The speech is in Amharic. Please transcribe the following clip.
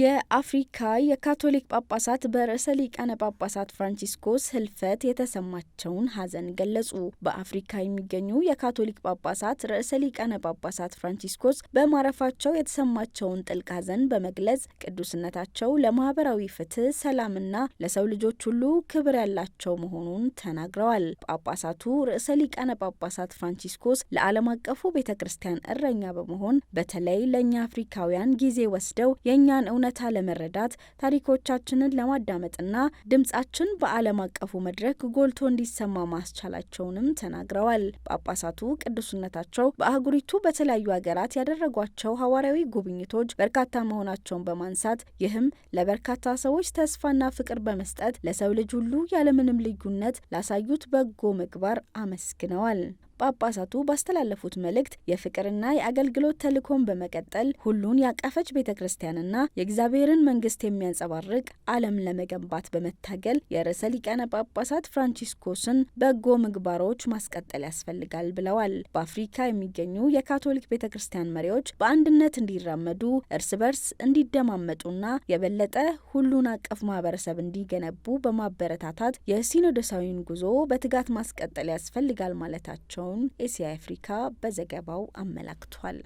የአፍሪካ የካቶሊክ ጳጳሳት በርዕሰ ሊቃነ ጳጳሳት ፍራንቺስኮስ ህልፈት የተሰማቸውን ሐዘን ገለጹ። በአፍሪካ የሚገኙ የካቶሊክ ጳጳሳት ርዕሰ ሊቃነ ጳጳሳት ፍራንቺስኮስ በማረፋቸው የተሰማቸውን ጥልቅ ሐዘን በመግለጽ ቅዱስነታቸው ለማህበራዊ ፍትህ፣ ሰላምና ለሰው ልጆች ሁሉ ክብር ያላቸው መሆኑን ተናግረዋል። ጳጳሳቱ ርዕሰ ሊቃነ ጳጳሳት ፍራንቺስኮስ ለዓለም አቀፉ ቤተ ክርስቲያን እረኛ በመሆን በተለይ ለእኛ አፍሪካውያን ጊዜ ወስደው የእኛን እውነታ ለመረዳት ታሪኮቻችንን ለማዳመጥና ድምጻችን በዓለም አቀፉ መድረክ ጎልቶ እንዲሰማ ማስቻላቸውንም ተናግረዋል። ጳጳሳቱ ቅዱስነታቸው በአህጉሪቱ በተለያዩ ሀገራት ያደረጓቸው ሐዋርያዊ ጉብኝቶች በርካታ መሆናቸውን በማንሳት ይህም ለበርካታ ሰዎች ተስፋና ፍቅር በመስጠት ለሰው ልጅ ሁሉ ያለምንም ልዩነት ላሳዩት በጎ ምግባር አመስግነዋል። ጳጳሳቱ ባስተላለፉት መልእክት የፍቅርና የአገልግሎት ተልእኮን በመቀጠል ሁሉን ያቀፈች ቤተ ክርስቲያንና የእግዚአብሔርን መንግስት የሚያንጸባርቅ ዓለም ለመገንባት በመታገል የርዕሰ ሊቃነ ጳጳሳት ፍራንቺስኮስን በጎ ምግባሮች ማስቀጠል ያስፈልጋል ብለዋል። በአፍሪካ የሚገኙ የካቶሊክ ቤተ ክርስቲያን መሪዎች በአንድነት እንዲራመዱ እርስ በርስ እንዲደማመጡና የበለጠ ሁሉን አቀፍ ማህበረሰብ እንዲገነቡ በማበረታታት የሲኖደሳዊን ጉዞ በትጋት ማስቀጠል ያስፈልጋል ማለታቸው መሆናውን ኤሲያ አፍሪካ በዘገባው አመላክቷል።